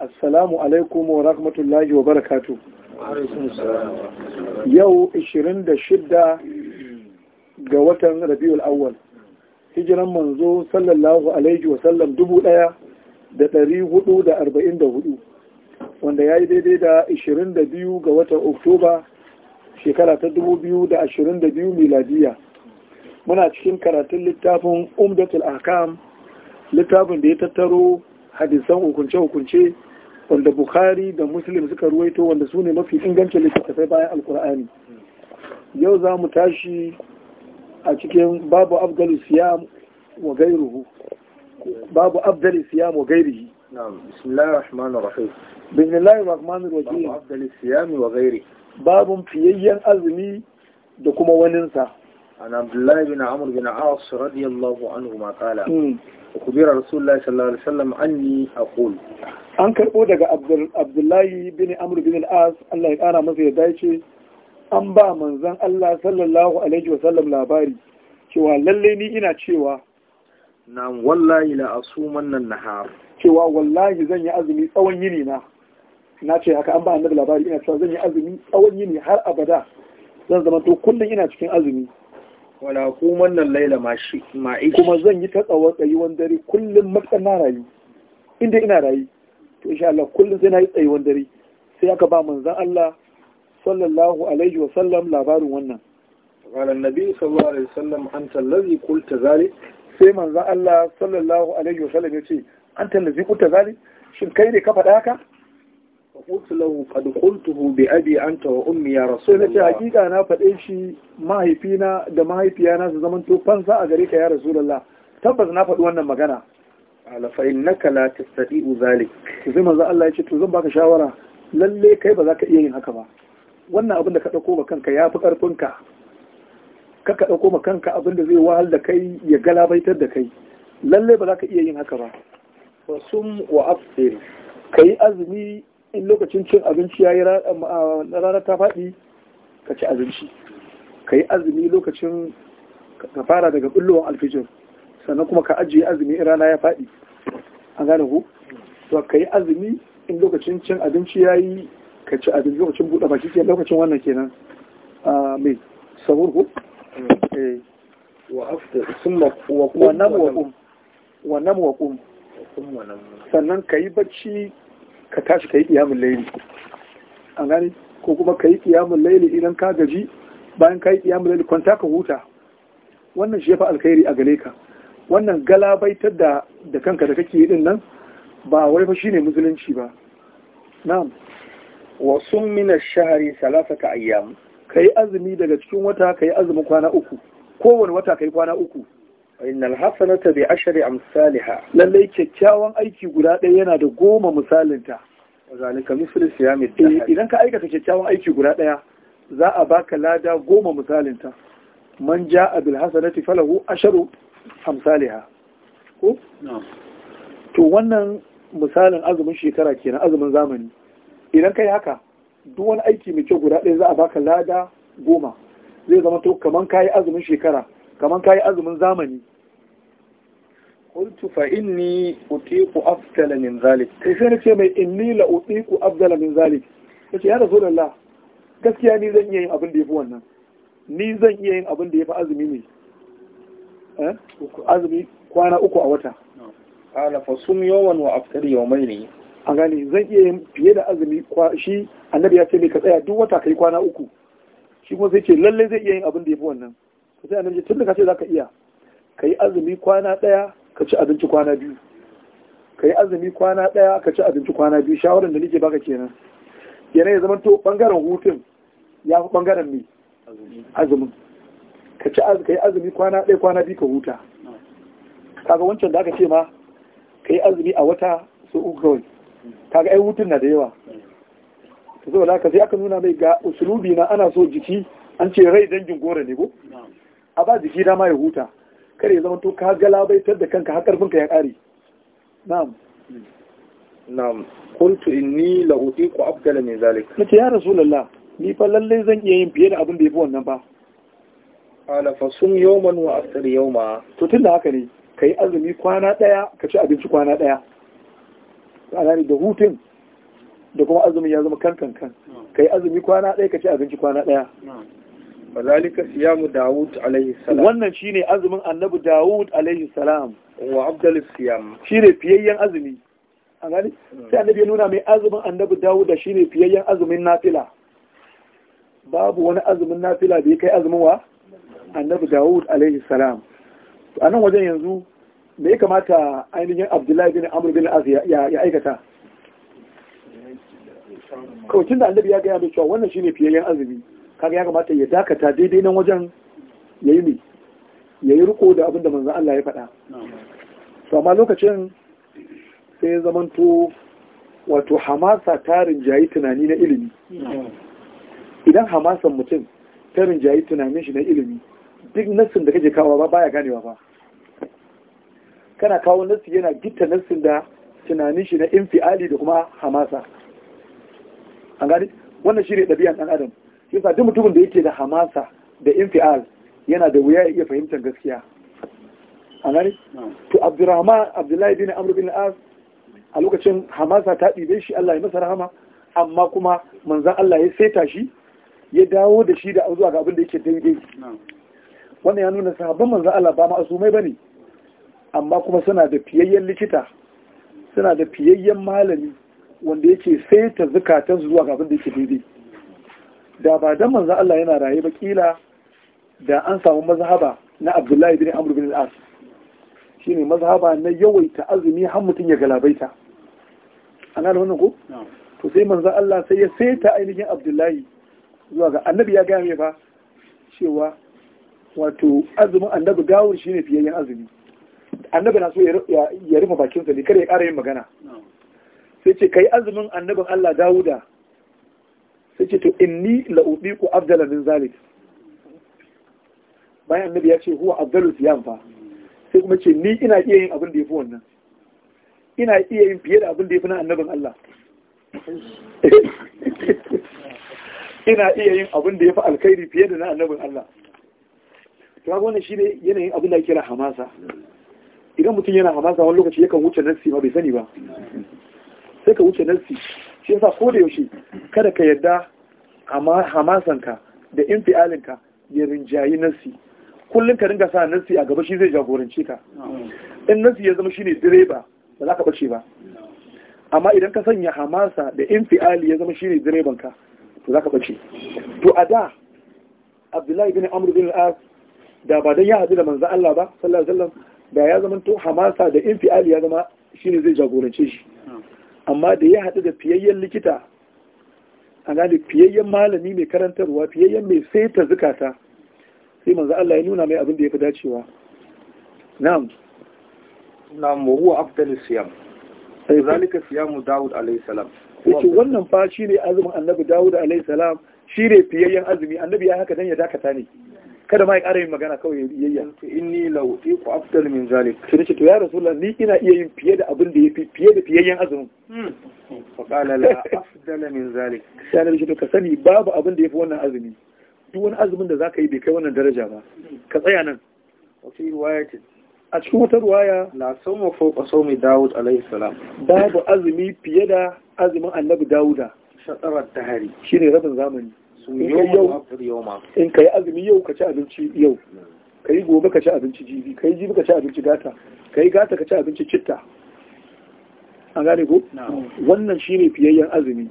Assalamu alaikum wa rahmatullahi wa barakatu. Yau 26 ga watan Rabiul Awwal. Hijiran manzo sallallahu alaihi wa sallam dubu ɗaya da ɗari hudu da arba'in da hudu, wanda ya yi daidai da 22 ga watan Oktoba shekara ta dubu biyu da ashirin da biyu miladiya. Muna cikin karatun littafin Umdatul Akam, littafin da ya tattaro hadisan hukunce-hukunce wanda bukhari da muslim suka ruwaito wanda su ne mafi ingancin littattafai bayan alkur'ani yau za mu tashi a cikin babu abdali siyam wa gairuhu babu abdali siyam wa gairuhu. na'am bismillahir rahmanir rahim bismillahir rahmanir rahim babu abdali siyam wa gairuhu. babun fiyayyen azumi da kuma waninsa عن عبد الله بن عمرو بن عاص رضي الله عنهما قال أخبر رسول الله صلى الله عليه وسلم أني أقول an karɓo daga abdullahi bin amr bin al'as allah ya ƙara masa ya dace an ba manzan allah sallallahu alaihi wasallam labari cewa lallai ni ina cewa na wallahi la asuman nan nahar cewa wallahi zan yi azumi tsawon yini na na ce haka an ba annabi labari ina cewa zan yi azumi tsawon yini har abada zan zama to kullum ina cikin azumi wala kuman nan laila mashi ma'ish kuma zan yi ta tsawon tsayuwan dare kullum matsan na rayu inda ina rayu to insha Allah kullum sai na yi tsayuwan dare sai aka ba manzon Allah sallallahu alaihi wa sallam labarin wannan qala annabi sallallahu alaihi wa sallam anta allazi qulta zalik sai manzon Allah sallallahu alaihi wa sallam ya ce anta allazi qulta zalik shin kai ne ka faɗa haka fahimta lahu qad qultuhu bi abi anta wa ummi ya rasulullah sai hakika na faɗe shi mahaifina da mahaifiyana su zaman to fansa a gare ka ya rasulullah tabbas na faɗi wannan magana ala fa innaka la tastati'u zalik sai manzo Allah ya to zan baka shawara lalle kai ba za ka iya yin haka ba wannan abin da ka dauko ba kanka yafi karfin ka ka ka dauko ma kanka abin da zai wahal da kai ya galabaitar da kai Lallai ba za ka iya yin haka ba wa sum wa afsir azumi in lokacin cin abinci ya yi um, ranar ta faɗi ka ci abinci ka yi azumi lokacin ka fara daga ɓullowar alfijir sannan kuma ka ajiye azumi in rana ya faɗi an gane ku to ka yi azumi in lokacin cin abinci ya yi ka ci abinci lokacin buɗe baki ke lokacin wannan kenan mai sabur ku eh. wa nan wa qum sannan ka yi bacci ka tashi ka yi ƙiyamun laili an gani ko kuma ka yi ƙiyamun laili idan ka gaji bayan ka yi ƙiyamun laili kwanta ka huta wannan shi ya fi alkhairi a gare ka wannan galabaitar da da kanka da kake din nan ba wai fa shine musulunci ba na'am wa sum min ash-shahri thalathata ayyam kai azumi daga cikin wata kai azumi kwana uku kowane wata kai kwana uku innal hasanata bi ashri amsalha lalle kyakkyawan aiki guda ɗaya yana da goma misalinta zalika misli siyami eh, idan ka aikata kyakkyawan aiki guda ɗaya za a baka lada goma misalinta man ja'a bil hasanati falahu asharu amsalha ko to wannan misalin azumin shekara kenan azumin zamani idan kai haka duk wani aiki mai kyau guda ɗaya za a baka lada goma zai zama to kaman kayi azumin shekara kaman kayi azumin zamani قلت فإني أطيق أفضل من ذلك كيف نتيما إني لأطيق أفضل من ذلك yace ya rasu Allah gaskiya ni zan iya yin abin da ya fi wannan ni zan iya yin abin da ya fi azumi ne eh, azumi kwana uku a wata ala fa sum yawan wa aftar yawmai ne a gani zan iya yin fiye da azumi shi annabi ya ce ne ka tsaya duk wata kai kwana uku shi kuma sai ce lalle zai iya yin abin da ya fi wannan sai annabi ce tun da ka ce zaka iya kai azumi kwana daya ka ci abinci kwana biyu ka yi azumi kwana ɗaya ka ci abinci kwana biyu shawarar da nake baka kenan yanayi ya zama to ɓangaren hutun ya fi ɓangaren mai azumin ka ci ka yi azumi kwana ɗaya kwana biyu ka huta kaga wancan da aka ce ma ka yi azumi a wata su uku kawai kaga ai hutun na da yawa to saboda laka sai aka nuna mai ga usulubi na ana so jiki an ce rai dangin gore ne ko a ba jiki dama ya huta kare ya zama to ka galabaitar da kanka har karfinka ya kare na'am na'am qultu inni la utiqu afdala min zalik nace ya rasulullah ni fa lalle zan iya yin fiye da abin da yafi wannan ba ala fa sum yawman wa aftar yawma to tunda haka ne kai azumi kwana daya ka ci abinci kwana daya ana da hutun da kuma azumi ya zama kan kan kan kai azumi kwana daya ka ci abinci kwana daya fazalika siyamu Dawud alayhi salam wannan shine azumin annabi Dawud alayhi salam wa abdal siyam ne fiyayyen azumi an gani hmm. sai annabi ya nuna mai azumin annabi Dawud da ne fiyayyen azumin nafila babu wani azumin nafila da ya kai azumin wa annabi Dawud alayhi salam a nan wajen yanzu me ya kamata ainihin Abdullahi bin Amr bin Az ya aikata kawai tun da annabi ya gaya da cewa wannan shi ne fiyayyen azumi kaga ya kamata ya dakata daidai nan wajen ya yi mai ya yi riko da abin da manzan Allah ya faɗa to amma lokacin sai zamanto wato hamasa ta rinjayi tunani na ilimi idan hamasan mutum ta rinjayi tunanin shi na ilimi duk nassin da kake kawo ba baya ganewa ba kana kawo nassi yana gitta nassin da tunanin shi na infiali da kuma hamasa an gani wannan shi ne ɗabi'an ɗan adam yasa duk mutumin da yake da hamasa da infial yana da wuya ya iya fahimtar gaskiya a gani to abdurrahman abdullahi bin amr bin as a lokacin hamasa ta ɗibe shi Allah ya masa rahama amma kuma manzan Allah ya saita shi ya dawo da shi da zuwa ga abin da yake daidai wannan ya nuna sahabban manzan Allah ba ma'asumai bane amma kuma suna da fiyayyen likita suna da fiyayyen malami wanda yake saita zukatan zuwa ga abin da yake daidai da ba dan manzo Allah yana raye ba kila da an samu mazhaba na Abdullahi bin Amr bin al-As shine mazhaba na yawaita azumi har mutum ya galabaita ana da wannan ko to sai manzo Allah sai ya saita ainihin Abdullahi zuwa ga annabi ya gaya mai ba cewa wato azumin annabi gawur shine yin azumi annabi na so ya rufe bakinsa ne kare ya kara yin magana sai ce kai azumin annabin Allah Dawuda sai ce to inni la ku afdala min zalik bayan annabi ya ce huwa afdalu siyam fa sai kuma ce ni ina iya yin abin da yafi wannan ina iya yin fiye da abin da yafi na annabin Allah ina iya yin abin da yafi alkhairi fiye da na annabin Allah to kaga wannan shine yanayin abin da ake kira hamasa idan mutum yana hamasa wani lokaci yakan wuce nasi ma bai sani ba sai ka wuce nasi. shi yasa ko da yaushe kada ka yarda hamasanka da infialinka ya rinjayi nasi kullum ka ringa sa nasi a gaba shi zai jagorance ka in nasi ya zama shine direba ba za ka bace ba amma idan ka sanya hamasa da infiali ya zama shine direban ka to za ka bace to a da Abdullahi bin Amr bin al da ba dan ya hadu da manzo Allah ba sallallahu alaihi wasallam da ya zama to hamasa da infiali ya zama shine zai jagorance shi amma da ya haɗu da fiyayyen likita a gane fiyayyen malami mai karantarwa fiyayyen mai saita zukata sai manzo Allah ya nuna mai abin da ya fi dacewa na'am na'am wa huwa afdalu siyam zalika siyamu daud alayhi salam yace wannan fa shine azumin annabi daud alayhi salam shine fiyayyen azumi annabi ya haka dan ya dakata ne kada ma ya ƙara yin magana kawai ya biyayya to inni la utiqu afdal min zalik to nace to ya rasulullah ni ina iya yin fiye da abin da yafi fiye da fiyayyen azumin hmm. fa qala la afdal min zalik sai nace to ka sani babu abin da yafi wannan azumi duk wani azumin da zaka yi bai kai wannan daraja ba ka tsaya nan wa fi ce. a cikin wata ruwaya la sawma fawqa sawmi daud alayhi salam babu azumi fiye da azumin annabi dauda shatarar tahari shine rabin zamani in ka yi azumi yau ka ci abinci yau ka yi gobe ka ci abinci jibi ka yi jibi ka ci abinci gata ka yi gata ka ci abinci citta an gane ko wannan shine fiyayyen azumi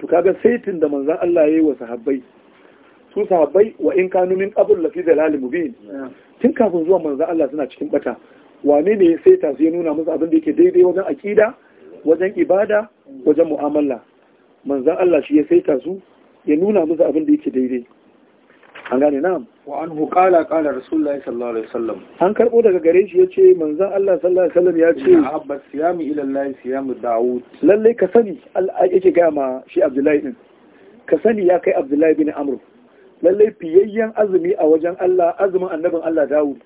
to kaga saitin da manzan Allah ya yi wa sahabbai su sahabbai wa in kanu min qabl la fi dalal mubin tun kafin zuwa manzan Allah suna cikin bata wane ne saita su ya nuna musu abin da yake daidai wajen akida wajen ibada wajen mu'amala manzan Allah shi ya saita su ya nuna musu abin da yake daidai an gane na? wa an hukala kala rasulullahi sallallahu alaihi wasallam an karbo daga gare shi yace manzon Allah sallallahu alaihi wasallam ya ce habba siyami ila Allah siyamu daud lalle ka sani Allah yake ga ma shi Abdullahi din ka sani ya kai Abdullahi bin Amr lalle fiyayyan azumi a wajen Allah azumin annabin Allah Dawud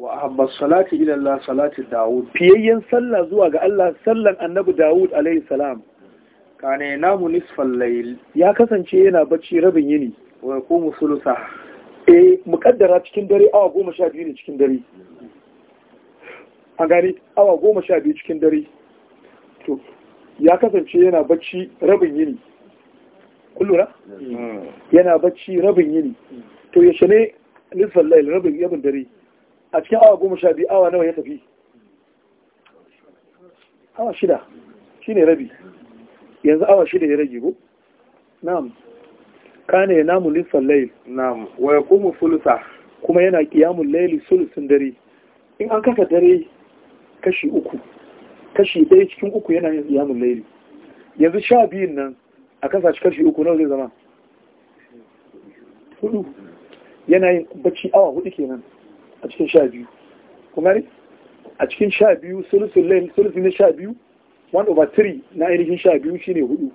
wa habba salati ila Allah salati Dawud fiyayyan sallah zuwa ga Allah sallan annabi Dawud alaihi salam kana yanamu nisfal layl ya kasance yana bacci rabin yini wa ko thulutha eh mukaddara cikin dare awa goma sha biyu ne cikin dare an gani awa goma sha biyu cikin dare to ya kasance yana bacci rabin yini kullura hmm. yana bacci rabin yini to ya shine nisfal layl rabin yabin dare a cikin awa goma sha biyu awa nawa ya tafi awa shida shine rabi yanzu awa shida ya rage ko na'am kana ya namu Lissa layl na'am wa kuma sulusa kuma yana kiyamun Laili, Sulusun, dare in an kasa dare kashi uku kashi ɗaya cikin uku yana yin kiyamun Laili. yanzu sha biyun nan a kasa shi kashi uku nawa zai zama hudu yana yin bacci awa hudu kenan a cikin sha biyu kuma ne a cikin sha biyu sulusun layl sulusun na sha biyu one over three na ainihin sha biyu shine hudu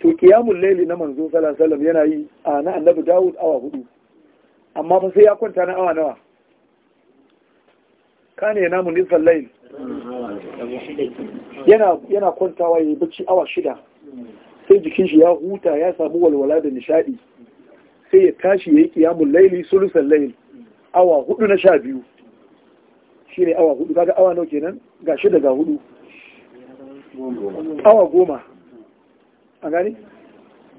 to kiyamun laili na manzo Salasalam yana yi a na annabi Dawud awa hudu amma fa sai ya kwanta na awa nawa Ka ne mun nisan layl yana yana kwantawa yayi bacci awa shida sai jikin shi ya huta ya samu walwala da nishadi sai ya tashi yayi kiyamun laili sulusan laili awa hudu na sha biyu shine awa hudu kaga awa nawa kenan ga shida ga hudu awa goma a gani